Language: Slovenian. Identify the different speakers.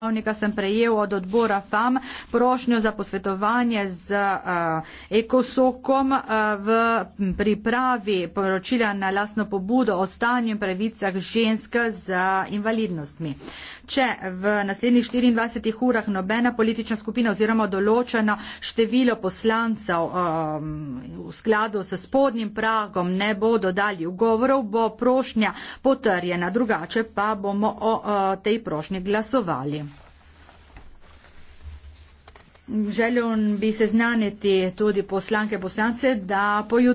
Speaker 1: Pravnika sem prejel od odbora FAM prošnjo za posvetovanje z uh, ekosokom uh, v pripravi poročila na lastno pobudo o stanju in pravicah žensk z invalidnostmi. Uh, če v naslednjih 24 urah nobena politična skupina oziroma določeno število poslancev um, v skladu s spodnjim pragom ne bo dodali ugovorov, bo prošnja potrjena, drugače pa bomo o uh, tej prošnji glasovali. Želim bi se znaniti
Speaker 2: tudi poslanke poslance, da poju